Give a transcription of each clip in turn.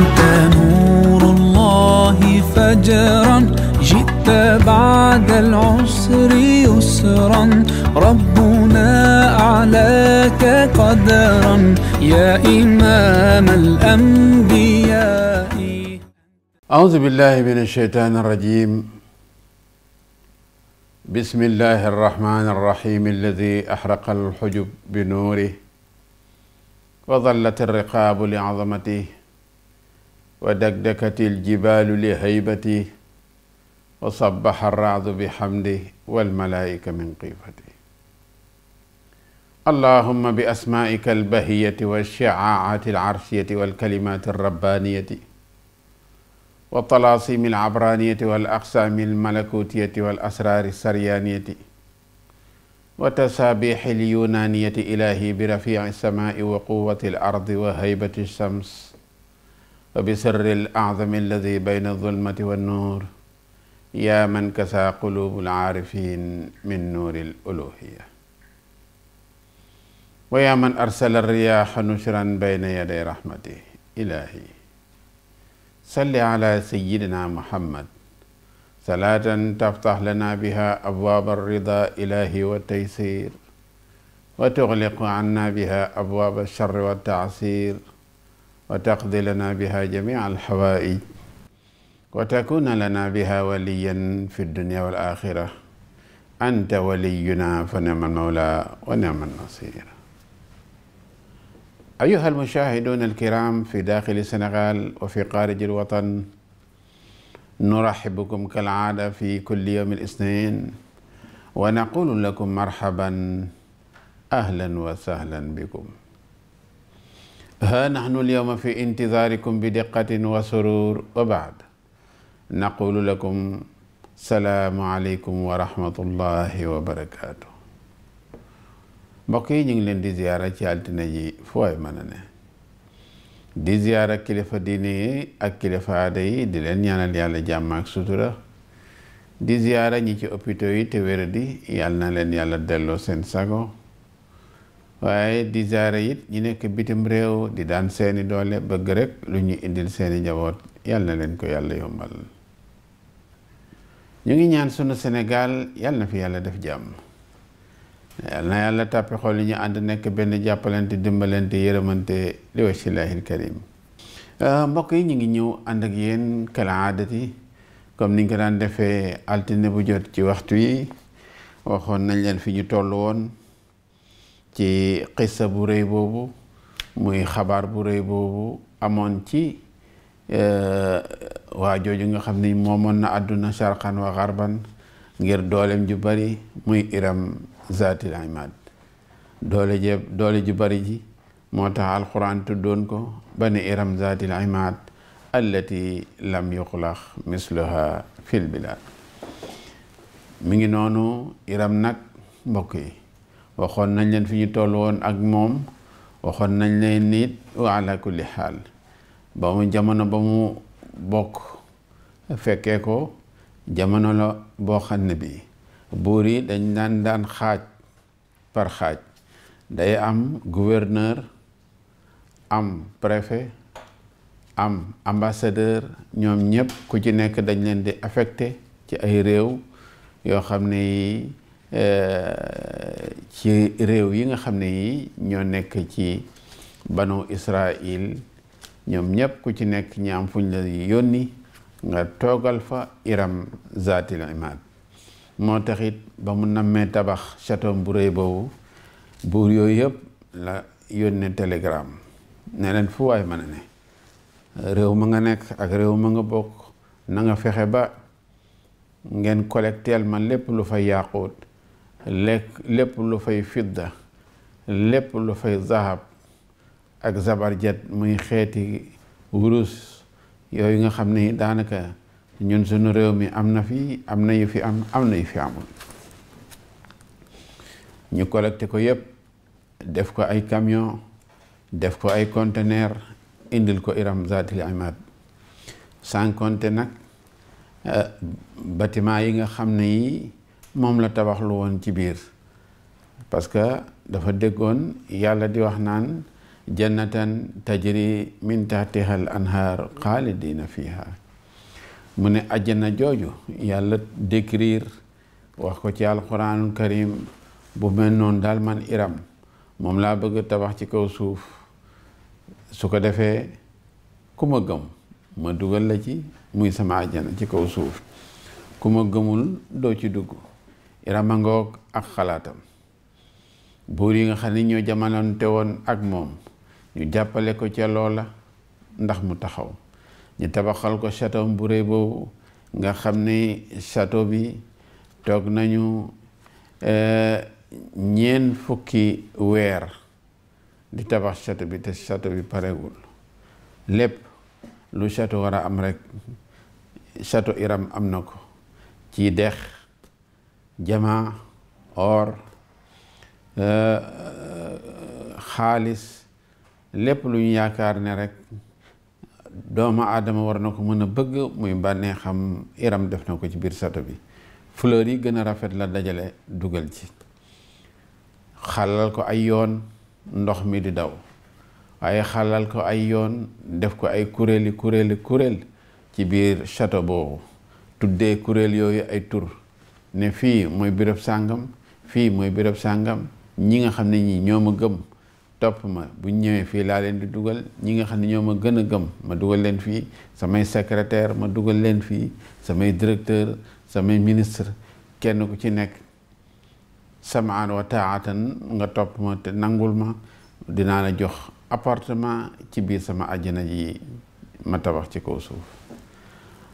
أنت نور الله فجرا جئت بعد العسر يسرا ربنا أعلاك قدرا يا إمام الأنبياء أعوذ بالله من الشيطان الرجيم بسم الله الرحمن الرحيم الذي أحرق الحجب بنوره وظلت الرقاب لعظمته wa dakdakati aljibaalu li haybati wa sabbaxa arraadu bi xamdi walmalaayika min qiifati allahuma bi asmaa'ika albahiyati wa shicaacati alcarshiyati walkalimaati alrabbaaniyati wa talaasimi alcabraaniyati wal aqsaami almalakutiyati wal asraari alsaryaaniyati wa tasaabiixi alyunaaniyati ilaahi bi rafiici alsamaa'i wa quwwati alardi wa haybati alshams wa bi sirri al azami alladi bayna zulmati wa nuur yaa man kasaa qulubu alaarifin min nuuri al uluhiya wa yaa man arsala riyaha nushran bayna yaday rahmati ilahi salli ala sayidina muhammad salaatan taftax lana biha abwaab arrida ilahi wa taysir wa tuxliqu anna biha abwaab alchar wa taasir wa taqdi lana biha jamia alxawaaij wa takuna lana biha waliyan fi dunia wal axira anta waliyuna fa nema almawla wa nema alnasir ayuha almushahiduna alkiram fi daxili Sénégal wa fi xaariji alwatan nuraxibukum kalaada fi kulli yawmi alisnain wa naqulu lakum marhaban ahlan wa sahlan bikum ها نحن اليوم في انتظاركم بدقة وسرور وبعد نقول لكم السلام عليكم ورحمة الله وبركاته mbokk yi ñu ngi leen di ziyaara ci altine ji fooy mën a ne di ziyaara kilifa diine yi ak kilifa aada yi di leen ñaanal yàlla jàmm ak sutura di ziyaara ñi ci opito yi te wéra di yàlla na leen yàlla delloo seen sago waaye di jaare it ñi nekk bitim réew di daan seeni doole bëgg rek lu ñu indil seeni njaboot yàlla na leen ko yàlla yombal ñu ngi ñaan sunu Sénégal yàlla na fi yàlla def jàmm yàlla na yàlla tàppi xool yi ñu ànd nekk benn jàppalante dimbalante yërëmante li wasilahil karim euh, mbokk yi ñu ngi ñëw ànd ak yéen kala aadati comme niñ ko daan defee altine bu jot ci waxtu yi waxoon nañ leen fi ñu toll woon ci xissa bu rëy boobu muy xabaar bu rëy boobu amoon ci eh, waa jooju nga xam ni moomoon na àdduna sharqan wa xarban ngir doolem ju bari muy iram zatil imad doole je doole ju bari ji moo tax alquran tuddoon ko ba ne iram zatil imad allati lam yuxlaq misluha fil bilad mi ngi noonu iram nag mbokk yi waxoon nañ leen fi ñu toll woon ak moom waxoon nañ leen nit wa ala kulli xaal ba mu jamono ba mu bokk fekkee ko jamono la boo xam ne bi buur yi dañ daan daan xaaj par xaaj day am gouverneur am préfet am ambassadeur ñoom ñëpp ku ci nekk dañ leen di affecté ci ay réew yoo xam ne yi Euh, ci réew yi nga xam ne yi ñoo nekk ci banu Israil ñoom ñëpp ku ci nekk ñaam fuñ la yónni nga toogal fa Iram Zatil Imad moo taxit ba mu nammee tabax chatom bu rëy boobu buur yooyu yëpp la yónnee télégramme ne leen fu waay mën a ne réew ma nga nekk ak réew ma nga bokk nanga fexe ba ngeen collecteel man lépp lu fa yaaquut lépp lu fay fidda lépp lu fay zahab ak zabarjet muy xeeti wurus yooyu nga xam ne daanaka ñun suñu réew mi am na fi am na yu fi am am na yu fi amul ñu collecté ko yépp def ko ay camion def ko ay conteneur indil ko Iram Zatil Imad sans compter nag euh, bâtiment yi nga xam ne yi moom la tabaxlu woon ci biir parce que dafa déggoon yàlla di wax naan jannatan tajri min tahtiha al anhaar xaalidina fiha mu ne ajjana jooju yàlla décrire wax ko ci alquranul karim bu mel noonu daal man iram moom laa bëgg tabax ci kaw suuf su ko defee ku ma gëm ma dugal la ci muy sama ajjana ci kaw suuf ku ma gëmul doo ci dugg iramangoog ak xalaatam buur yi nga xam ne ñoo jamononte woon ak moom ñu jàppale ko ca loola ndax mu taxaw ñu tabaxal ko château bu rëy boobu nga xam ni château bi toog nañu e, ñeent fukki weer di tabax château bi te château bi parewul lépp lu château war a am rek château Iram am na ko ci dex jamaa or eh, xaalis lépp lu ñu yaakaar ne rek doomu aadama war na ko mën a bëgg muy bànnee xam iram def na ko ci biir sato bi fleur yi gën a rafet la dajale dugal ci xalal ko ay yoon ndox mi di daw waaye xalal ko ay yoon def ko ay kuréeli kuréeli kuréel ci biir château boobu tuddee kuréel yooyu ay tur ne fii mooy béréb sàngam fii mooy béréb sàngam ñi nga xam ne ñi ñoo ma gëm topp ma bu ñëwee fii laa leen di dugal ñi nga xam ne ñoo ma gën a gëm ma dugal leen fii samay secrétaire ma dugal leen fii samay directeur samay ministre kenn ku ci nekk samaan wa taatan nga topp ma te nangul ma dinaa la jox appartement ci biir sama àjjana ji ma tabax ci kaw suuf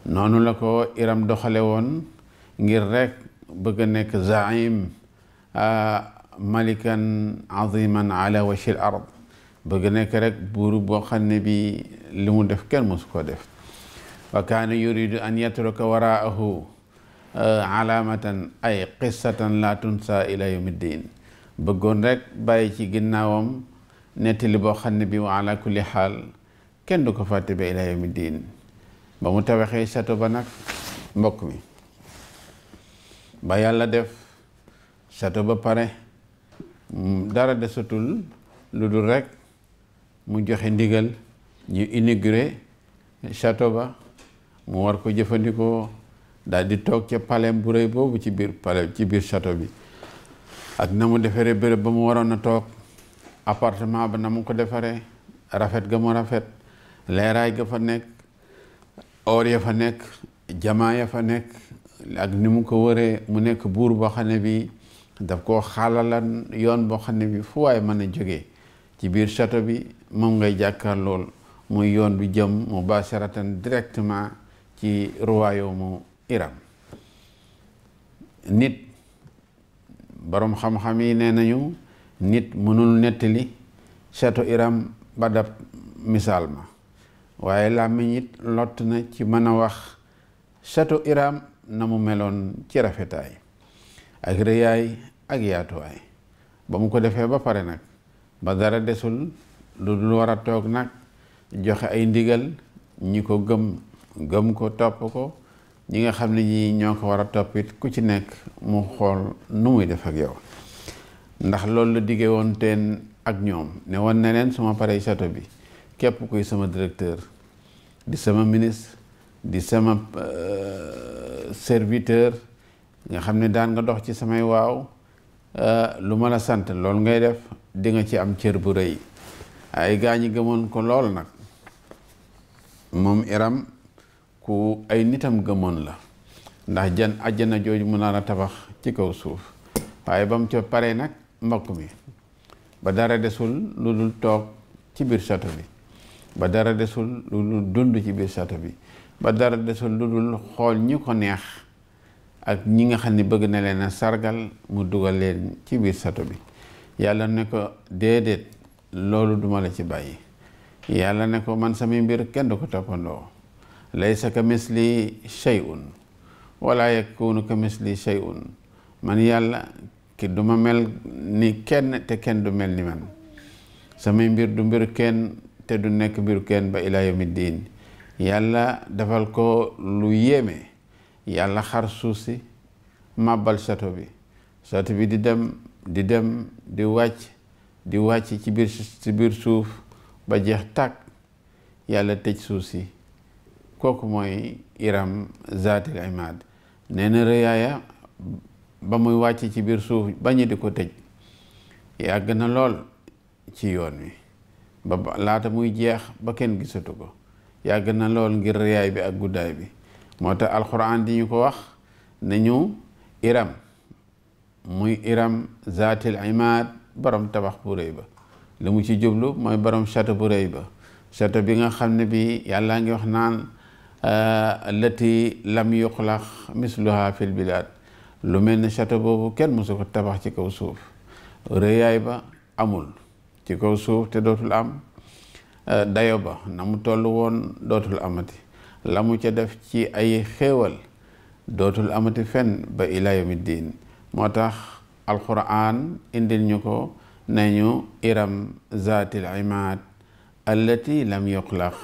noonu la ko Iram doxale woon ngir rek bëgg a nekk zaim malikan aziman ala washi l ard bëgg nekk rek buuru boo xam ne bi li mu def kenn mosu ko def wa kaana yuridu an yatruka waraahu alaamatan ay qissatan la tunsa ila yawmi ddin bëggoon rek bàyyi ci ginnaawam nettali boo xam ne bi wa ala kulli xaal kenn du ko fàtte ba ila yawmi ddin ba mu tabaxee château ba nag mbokk mi ba yàlla def château ba pare mm, dara desatul lu dul rek mu joxe ndigal ñu inauguré château ba mu war ko jëfandikoo dal di toog ca palais bu rëy boobu ci biir palais ci biir château bi ak na mu defaree bërëb ba mu waroon a toog appartement ba na mu ko defaree rafet ga mu rafet leeraay ga fa nekk or ya fa nekk jamaa ya fa nekk ak ni mu ko wëree mu nekk buur boo xam ne bi daf koo xaalalan yoon boo xam ne bi fu waay mën a jógee ci biir château bi mu ngay jàkkaar lool muy yoon bi jëm mubasharatan directement ci royaume iram nit boroom xam-xam yi ne nañu nit mënul nettali château iram ba dab misaal ma waaye làmmiñ it lott na ci mën a wax château Iran na mu meloon ci rafetaay ak rëyaay ak yaatuwaay ba mu ko defee ba pare nag ba dara desul lu dul war a toog nag joxe ay ndigal ñi ko gëm gëm ko topp ko ñi nga xam ne ñi ñoo ko war a toppit ku ci nekk mu xool nu muy def ak yow ndax loolu la diggee woon teen ak ñoom ne woon ne leen suma paree château bi képp kuy sama directeur di sama ministre di sama euh, serviteur nga xam ne daan nga dox ci samay waaw euh, lu ma la sant loolu ngay def dinga ci am cër bu rëy ay gaa ñi gëmoon ko lool nag moom Iram ku ay nitam gëmoon la ndax jan àjjana jooju mu nar a tabax ci kaw suuf waaye ba mu ca paree nag mbokk mi ba dara desul lu dul toog ci biir château bi ba dara desul lu dul dund ci biir château bi ba dara desul lu dul xool ñi ko neex ak ñi nga xam ni bëgg na leen a sargal mu dugal leen ci biir sato bi yàlla ne ko déedéet loolu duma la ci bàyyi yàlla ne ko man samay mbir kenn du ko toppandoo laysa ka misli shay'un wala yakunu ka misli shay'un man yàlla ki duma mel ni kenn te kenn du mel ni man samay mbir du mbir kenn te du nekk mbir kenn ba ilaa yàlla defal ko lu yéeme yàlla xar suuf si màbbal sato bi sato bi di dem di dem di wàcc di wàcc ci biir ci biir suuf ba jeex tàkk yàlla tëj suuf si kooku mooy Iram zaatil imaad nee na rëyaaya ba muy wàcc ci biir suuf bañu di ko tëj yàgg na lool ci yoon wi ba laata muy jeex ba kenn gisatu ko yàgg na lool ngir réyaay bi ak guddaay bi moo tax alxuraan di ñu ko wax ne ñu iram muy iram zaatil imaad boroom tabax bu rëy ba li mu ci jublu mooy boroom shato bu rëy ba château bi nga xam ne bi yàllaa ngi wax naan euh, lati lam yuxlaq misluha fil bilaad lu mel ni château boobu kenn mosu ko tabax ci kaw suuf rëyaay ba amul ci kaw suuf te dootul am Euh, dayo ba na mu toll woon dootul amati la mu ca def ci ay xéewal dootul amati fenn ba ila yawmi diin moo tax alquran indil ñu ko nañu iram zaatil imaad allati lam yuqlaq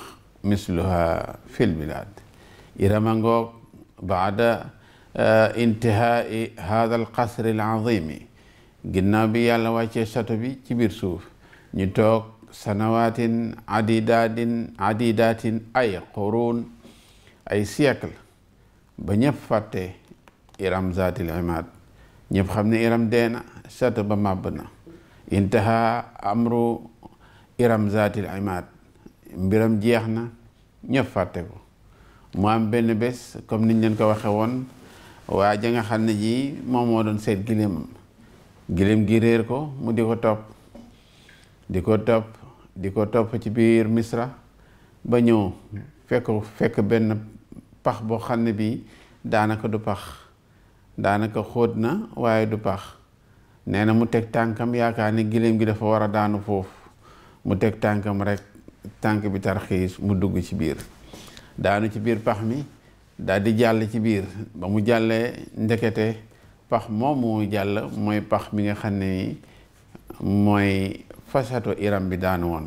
misluha fil bilad irama ngoog baada euh, intihaai hada al qasri al azimi ginnaaw bi yàlla wàccee sato bi ci biir suuf ñu toog sanawatin adidatin adidatin ay qurun ay siècle ba ñëpp fàtte iram zaatil imaad ñëpp xam ne iram deena sat ba màbb na intaha amru iram zaatil imaad mbiram jeex na ñëpp fàtte ko mu am benn bés comme niñ leen ko waxe woon waa ja nga ji moom moo doon seet giléemam giléem gi réer ko mu di ko topp di ko topp di ko topp ci biir misra ba ñëw fekk fekk benn pax boo xam ne bii daanaka du pax daanaka xóot na waaye du pax nee na mu teg tànkam yaakaar ne giléem gi dafa war a daanu foofu mu teg tànkam rek tànk bi tarxiis mu dugg ci biir daanu ci biir pax mi dal di jàll ci biir ba mu jàllee ndekete pax moomu jàll mooy pax mi nga xam ne mooy sato iram bi daan woon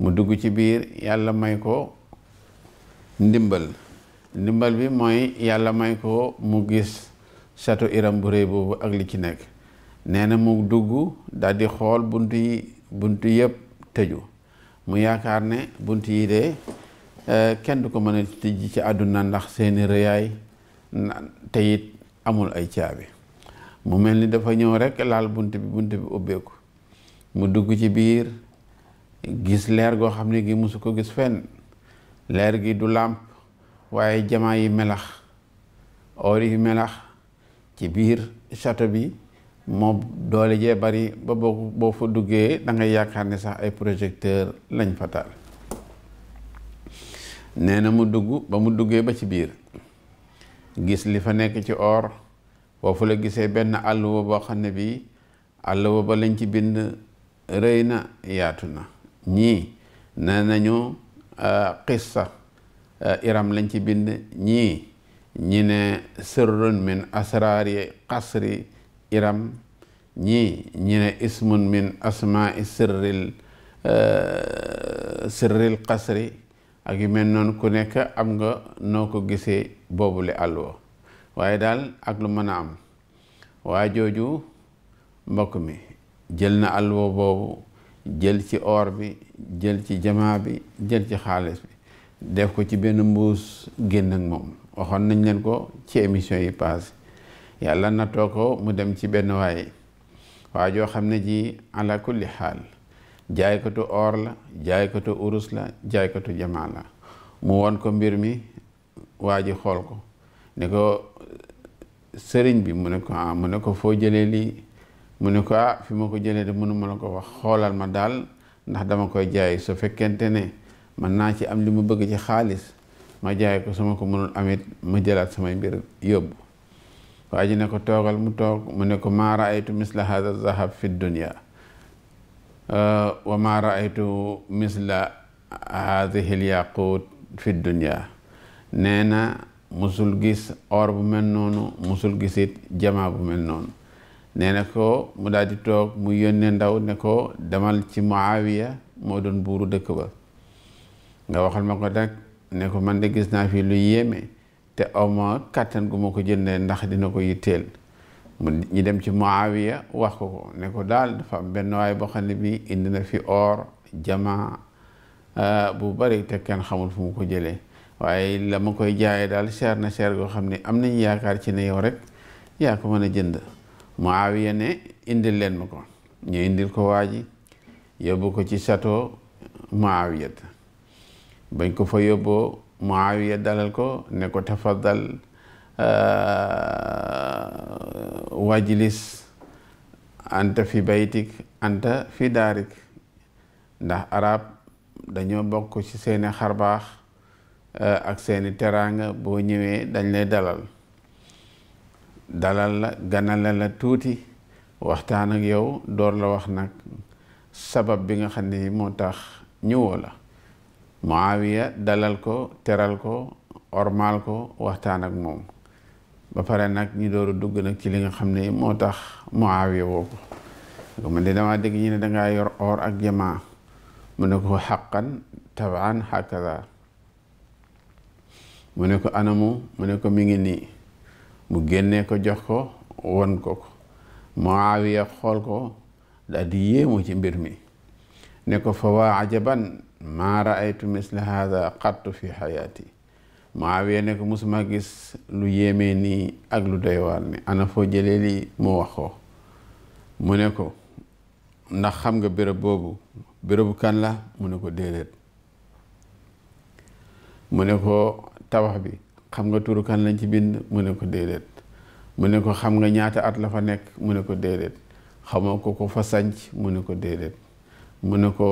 mu dugg ci biir yàlla may ko ndimbal ndimbal bi mooy yàlla may ko mu gis château Iram bu rëy boobu ak li ci nekk nee na mu dugg daldi xool bunt yi bunt yëpp tëju mu yaakaar ne bunt yi de eh, kenn du ko mën a tijji ci àdduna ndax seeni rëyaay te amul ay caabi mu mel ni dafa ñëw rekk laal bunt bi bunt bi ubbeeku mu dugg ci biir gis leer goo xam ne gi musu ko gis fenn leer gi du làmp waaye jamaa yi melax oor yi melax ci biir château bi moom doole jee bari ba boo boo fa duggee da yaakaar ne sax ay projecteur lañ fa taal nee mu dugg ba mu duggee ba ci biir gis li fa nekk ci or foofu la gisee benn àll boo xam ne bi àlluwa ba lañ ci bind rëy na yaatu na ñii ne nañu euh, qissa euh, iram lañ ci bind ñii ñine ne sirrun min asraari qasri iram ñii ñi ne ismun min asmaai sirril euh, sirril qasri ak yu mel noonu ku nekk am nga noo ko gisee boobule àlluwa waaye daal ak lu mën a am waa jooju mbokk mi jël na alwa boobu jël ci or bi jël ci jamaa bi jël ci xaalis bi def ko ci benn mbuus génn ak moom waxoon nañ leen ko ci émission yi passé yàlla nattoo ko mu dem ci benn waay waa joo xam ne ji ala kulli xaal jaaykatu or la jaaykatu urus la jaaykatu jamaa la mu won ko mbir mi waa ji xool ko ne ko sëriñ bi mu ne ko ah mu ne ko foo jëlee lii mu ne ko ah fi ma ko jëlee de mënul ma la ko wax xoolal ma daal ndax dama koy jaay su fekkente ne man naa ci am li mu bëgg ci xaalis ma jaay ko suma ko mënul amit ma jëlaat samay mbir yóbbu waa ji ne ko toogal mu toog mu ne ko maa raaytu misla hada zahab fi dunia wa maa raaytu misla hadihi lyaqut fi dunia nee na musul gis or bu mel noonu musul gisit jamaa bu mel noonu nee na ko mu daal di toog mu yónnee ndaw ne ko demal ci Muawiya moo doon buuru dëkk ba nga waxal ma ko dagg ne ko man de gis naa fi lu yéeme te aw ma kàttan gu ma ko jëndee ndax dina ko yitteel mu ñu dem ci Muawiya wax ko ko ne ko daal dafa benn waay boo xam ne bi indi na fi or jamaa euh, bu bari te kenn xamul fu mu ko jëlee waaye la ma koy jaayee daal cher na cher goo xam ne am nañu yaakaar ci ne yow rek yaa ko mën a jënd Muawiya ne indi leen ma ko ñu indil ko waaj ji yóbbu ko ci château Muawiya bañ ko fa yóbboo Muawiya dalal ko ne ko tafaddal euh, wajlis anta fi baytik anta fi daarik ndax arab dañoo bokk ci seeni xarbaax euh, ak seeni teraanga boo ñëwee dañ lay dalal dalal la ganale la tuuti waxtaan ak yow door la wax nag sabab bi nga xam ne moo tax ñëwoo la Muawiya dalal ko teral ko ormaal ko waxtaan ak moom ba pare nag ñu dooru dugg nag ci li nga xam ne moo tax Muawiya woo ko man de damaa dégg ñu ne dangaa yor or ak jamaa mu ne ko xaqan tabaan hakada mu ne ko anamu mu ne ko mi ngi nii mu génnee ko jox ko won ko ko Muawiya xool ko daal di yéemu ci mbir mi ne ko fa waa ajaban maa raaytu misla hada qattu fi xayaati Muawiya ne ko musuma gis lu yéeme nii ak lu doy waar ni ana foo jëlee lii mu wax ko mu ne ko ndax xam nga béréb boobu bérébu kan la mu ne ko déedéet mu ne ko tabax bi xam nga turu kan lañ ci bind mu ne ko déedéet mu ne ko xam nga ñaata at la fa nekk mu ne ko déedéet xamoo ko ko fa sanc mu ne ko déedéet mu ne ko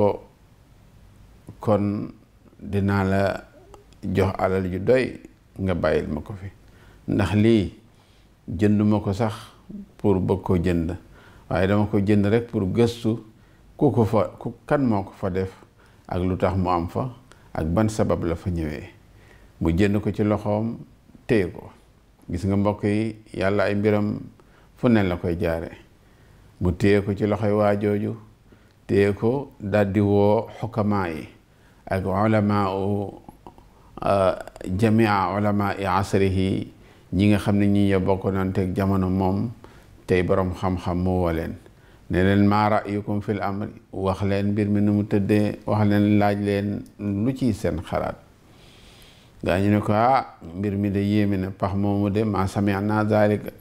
kon dinaa la jox alal yu doy nga bàyyil ma ko fi ndax lii jënduma ko sax pour bëgg ko jënd waaye dama ko jënd rek pour gëstu ku ko fa ku kan moo ko fa def ak lu tax mu am fa ak ban sabab la fa ñëwee mu jënd ko ci loxoom téye ko gis nga mbokk yi yàlla ay mbiram fu neen la koy jaare mu téye ko ci loxoy waa jooju téye ko daldi woo yi ak ulama u jamia ulama i yi ñi nga xam ne ñi ñoo bokk naan teg jamono moom tey boroom xam-xam mu woo leen ne leen maa ra'yukum fil amri wax leen mbir mi nu mu tëddee wax laaj leen lu ci seen xalaat gaa ñu ne ko ah mbir mi de yéeme na pax moomu de ma sami'na zalika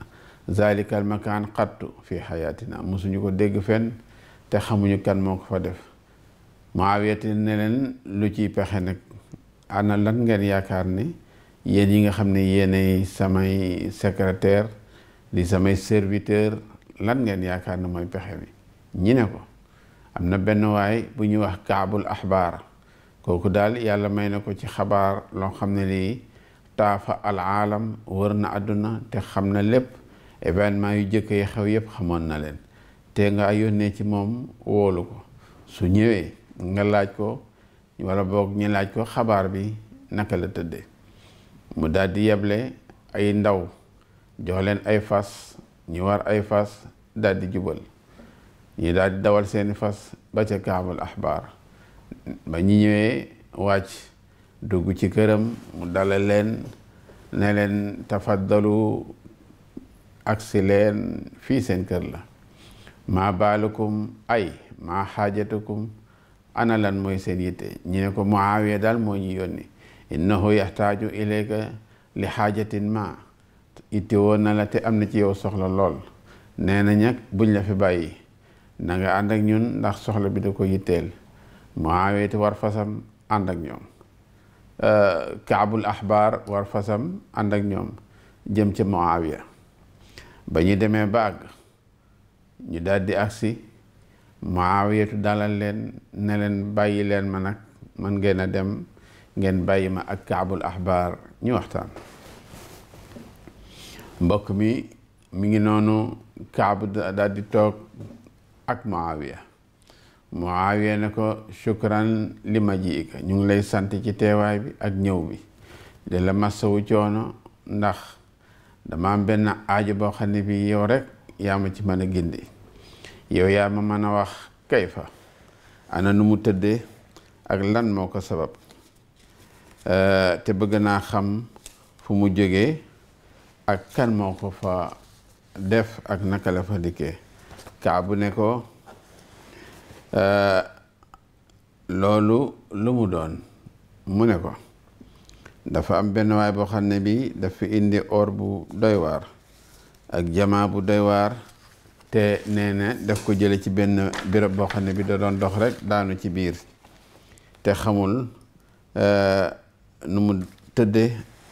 zalika al makaan qattu fi xayaatina musuñu ko dégg fenn te xamuñu kan moo ko fa def Muawiyat ne leen lu ci pexe nag ana lan ngeen yaakaar ni yéen yi nga xam ne yéenay samay secrétaire di samay serviteur lan ngeen yaakaar ne mooy pexe bi ñi ne ko am na benn waay bu ñuy wax kaabul axbaar kooku daal yàlla may na ko ci xabaar loo xam ne lii taafa alaalam wër na àdduna te xam na lépp événement yu jëkk yi xew yépp xamoon na leen te nga yónnee ci moom woolu ko su ñëwee nga laaj ko wala boog ñu laaj ko xabaar bi naka la tëddee mu daal di yeble ay ndaw jox leen ay fas ñu war ay fas daal di jubal ñu daldi dawal seeni fas ba ca kaabul axbaar ba ñu ñëwee wàcc dugg ci këram mu dalal leen ne leen tafaddalu agsi leen fii seen kër la maa baalukum ay maa xaajatukum ana lan mooy seen yitte ñu ne ko Muawiya daal moo ñu yónni innahu yaxtaaju ilayka li xaajatin ma itte woon na la te am na ci yow soxla lool nee na ñag buñ la fi bàyyi na nga ànd ñun ndax soxla bi da ko yitteel Muawiyatu war fasam ànd ak ñoom euh, Kaabul Ahbar war fasam ànd ak ñoom jëm ca Muawiya ba ñu demee baag ñu daldi agsi Muawiyatu dalal leen ne leen bàyyi leen ma nag mën ngeen a dem ngeen bàyyi ma ak Kaabul Ahbar ñu waxtaan mbokk mi mu ngi noonu Kaab daldi toog ak Muawiya Muawiya ne ko shukran li ma ji ika ñu ngi lay sant ci teewaay bi ak ñëw bi di la massawu coono ndax dama am benn aajo boo xam ne bi yow rek yaa ma ci mën a gindi yow yaa ma mën a wax kay fa ana nu mu tëddee ak lan moo ko sabab euh, te bëgg naa xam fu mu jógee ak kan moo ko fa def ak naka la fa dikkee kaabu ne ko Euh, loolu lu mu doon mu ne ko dafa am benn waay boo xam ne bi dafa indi or bu doy waar ak jamaa bu doy waar te nee ne daf ko jële ci benn béréb boo xam ne bi da doon dox rek daanu ci biir te xamul euh, nu mu tëdde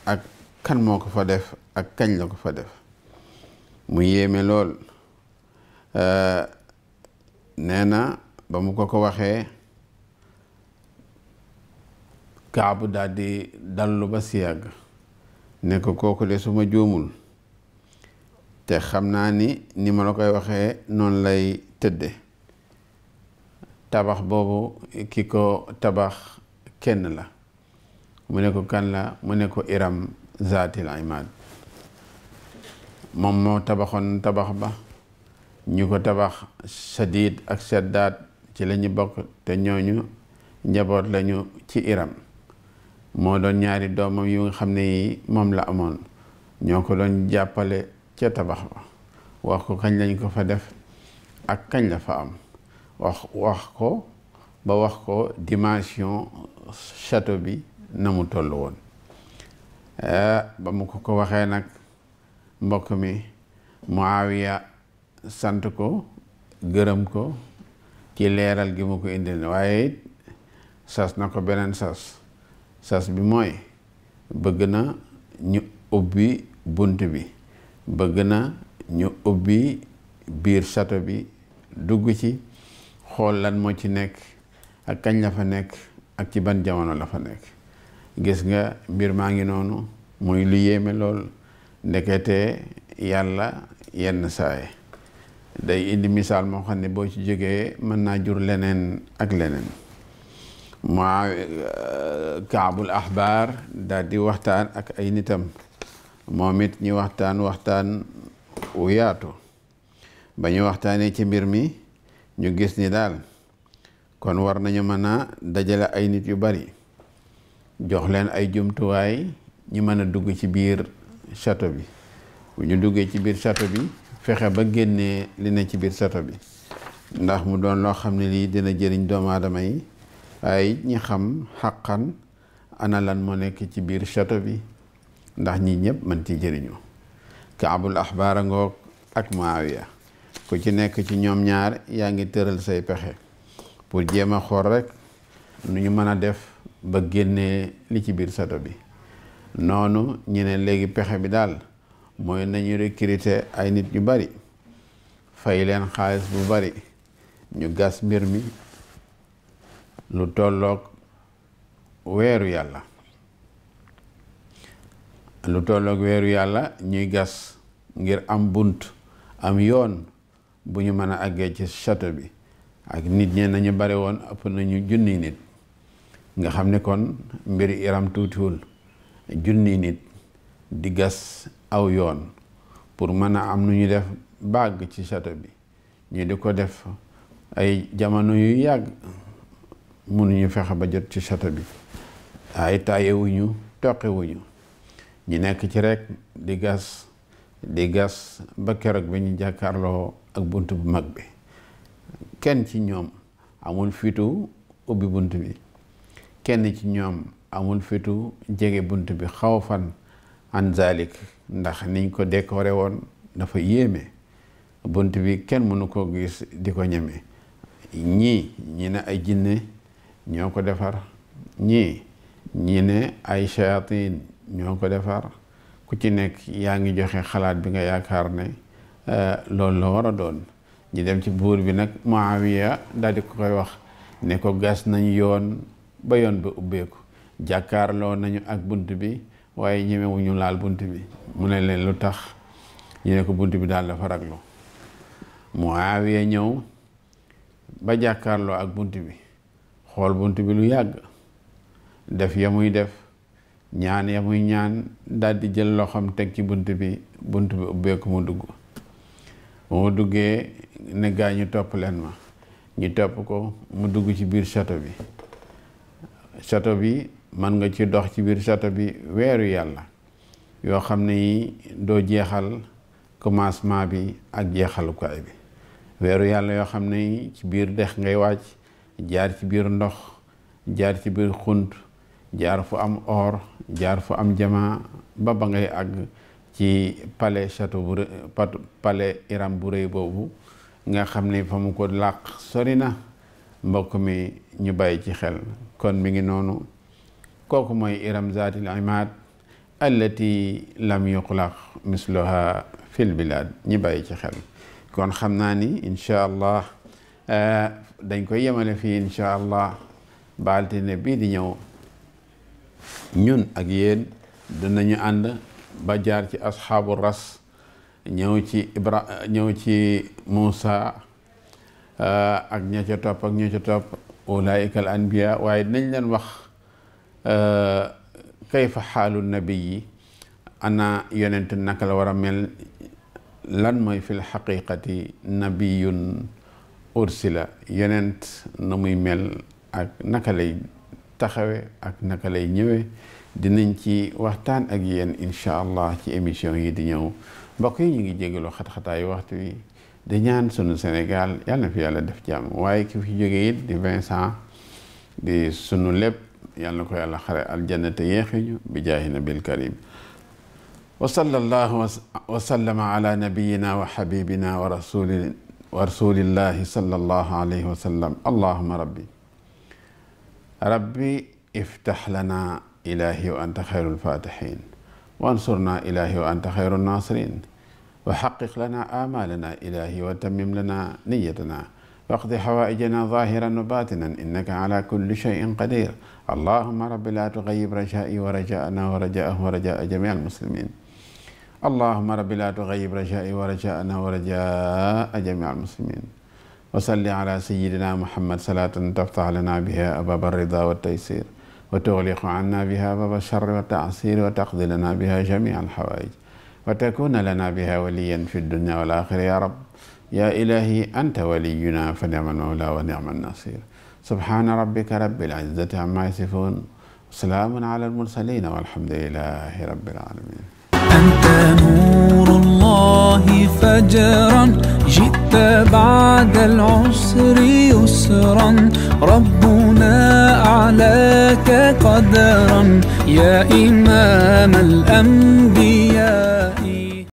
ak kan moo ko fa def ak kañ la ko fa def mu yéeme lool euh, nee na ba mu ko ko waxee kaabu daldi dallu ba si yàgg ne ko kooku de su ma juumul te xam naa ni ni ma la koy waxee noonu lay tëdde tabax boobu ki ko tabax kenn la mu ne ko kan la mu ne ko iram zaatil imaad moom moo tabaxoon tabax ba ñu ko tabax shadid ak shaddaat ci lañu bokk te ñooñu njaboot lañu ci Iram moo doon ñaari doomam yu nga xam ne yi moom la amoon ñoo ko doon jàppale ca tabax ba wax ko kañ lañ ko fa def ak kañ la fa am wax wax ko ba wax ko dimension château bi na mu toll woon eh, ba mu ko ko waxee nag mbokk mi Muawiya sant ko gërëm ko ci leeral gi mu ko indil waaye it sas na ko beneen sas sas bi mooy bëgg na ñu ubbi bunt bi bëgg na ñu ubbi biir sato bi dugg ci xool lan moo ci nekk ak kañ la fa nekk ak ci ban jamono la fa nekk gis nga mbir maa ngi noonu muy lu yéeme lool ndekete yàlla yenn saay day indi misaal moo xam ne boo ci jógee mën naa jur leneen ak leneen ma eh, kaabul axbaar daldi waxtaan ak ay nitam moom it ñu waxtaan waxtaan wu yaatu ba ñu waxtaanee ci mbir mi ñu gis ni daal kon war nañu mën a dajale ay nit yu bari jox leen ay jumtuwaay ñi mën a dugg ci biir château bi ñu duggee ci biir château bi fexe ba génnee li ne ci biir sato bi ndax mu doon loo xam ne lii dina jëriñ doomu aadama yi waaye ñi xam xaqan ana lan moo nekk ci biir sato bi ndax ñi ñëpp mën ci jëriñu kaabul axbaara ngoog ak ya ku ci nekk ci ñoom ñaar yaa ngi tëral say pexe pour jéem a xool rek nu ñu mën a def ba génnee li ci biir sato bi noonu ñu léegi pexe bi daal mooy nañu recruter ay nit yu bari fay leen xaalis bu bari ñu gas mbir mi lu tollook weeru yàlla lu tolloog weeru yàlla ñuy gas ngir am bunt am yoon bu ñu mën a àggee ci château bi ak nit ñe nañu bari woon ëpp nañu junni nit nga xam ne kon mbiri iram tuutiwul junni nit di gas aw yoon pour mën a am nu ñu def bàgg ci château bi ñu di ko def ay jamono yu yàgg mënuñu fexe ba jot ci château bi ay taayewuñu toqiwuñu ñu nekk ci rek di gas di gas ba keroog bi ñu jàkkaarloo ak bunt bu mag bi kenn ci ñoom amul fitu ubbi bunt bi kenn ci ñoom amul fitu jege bunt bi xaw fan an ndax niñ ko décoré woon dafa yéeme bunt bi kenn mënu ko gis di ko ñeme ñii ñi ne ay jinne ñoo ko defar ñi ñi ne ay shayatin ñoo ko defar ku ci nekk yaa ngi joxe xalaat bi nga yaakaar ne euh, loolu la war a doon ñu dem ci buur bi nag Muawiya daal di ko koy wax ne ko gas nañ yoon ba yoon ba ubbeeku jàkkaarloo nañu ak bunt bi waaye ñemewuñu laal bunt bi mu ne leen lu tax ñu ko bunt bi daal dafa mu Muawiya ñëw ba jàkkaarloo ak bunt bi xool bunt bi lu yàgg def ya muy def ñaan ya muy ñaan daldi jël loxoom teg ci bunt bi bunt bi ubbeeku mu dugg mu duggee ne gaa ñu topp leen ma ñu topp ko mu dugg ci biir château bi château bi man nga ci dox ci biir sata bi weeru yàlla yoo xam ne yi doo jeexal commencement bi ak jeexalukaay bi weeru yàlla yoo xam ne yi ci biir dex ngay wàcc jaar ci biir ndox jaar ci biir xunt jaar fu am or jaar fu am jama ba ba ngay àgg ci palais château bu palais iram bu rëy boobu nga xam ni fa mu ko làq sori na mbokk mi ñu bàyyi ci xel kon mi ngi noonu kooku mooy iram zaatil imaad allati lam yuqlaq misluha fil bilad ñi bàyyi ci xel kon xam naa ni incha allah eh, dañ koy yemale fii incha allah baalte ne bii di ñëw ñun ak yéen dinañu ànd ba jaar ci asxaabu ras ñëw ci ibra ñëw ci Muusa eh, ak ña ca topp ak ña ca topp ulaika al anbiya waaye dinañ leen wax Euh, kayfa xaalu yi ana yonent naka la war a mel lan mooy fil xaqiqati nabiyun ursila yonent na muy mel ak naka lay taxawe ak naka lay ñëwe dinañ ci waxtaan ak yéen incha allah ci émission yi di ñëw mbokk yi ñu ngi jégalu xat-xataayu waxtu wi di ñaan sunu Sénégal yàlla na fi yàlla def jàmm waaye ki fi jóge it di Vincent di sunu lépp yàlla na ko yàlla xare aljanna te yeexiñu bi jaahi nabil karim wa sallallahu wa sallama ala nabiyina wa xabibina wa rasuli wa rasulillahi sallallahu alayhi wa sallam allahuma rabbi rabbi iftax lana ilahi wa anta xayru lfatixin wansurna ilahi wa anta xayru nasirin wa xaqiq lana amalana ilahi wa tamim lana niyatana waqdi xawaa'ijana zaahiran wa baatinan innaka ala kulli shay'in qadir allahuma rabbi laa tuxayib rajaa'i wa rajaa'ana wa rajaa'ahu wa rajaa'a jamii almuslimin allahuma rabbi laa tuxayib rajaa'i wa rajaa'ana wa rajaa'a jamii almuslimin wa salli ala sayidina muhammad salaatan taftax lana biha ababa rida wa taysir wa tuxliqu anna biha ababa charri wa taasir wa taqdi lana biha jamii alxawaa'ij wa takuna lana biha waliyan fi dunya wal axira ya rab yaa ilahi anta waliyuna fa ni'mal mawla wa ni'man nasir subhana rabbika rabbil izzati amma yasifun salaamun ala al-mursalin walhamdulillahi rabbil alamin anta nurullahi fajran jita ba'da al-usri yusran rabbuna a'laka qadran ya imam al-anbiya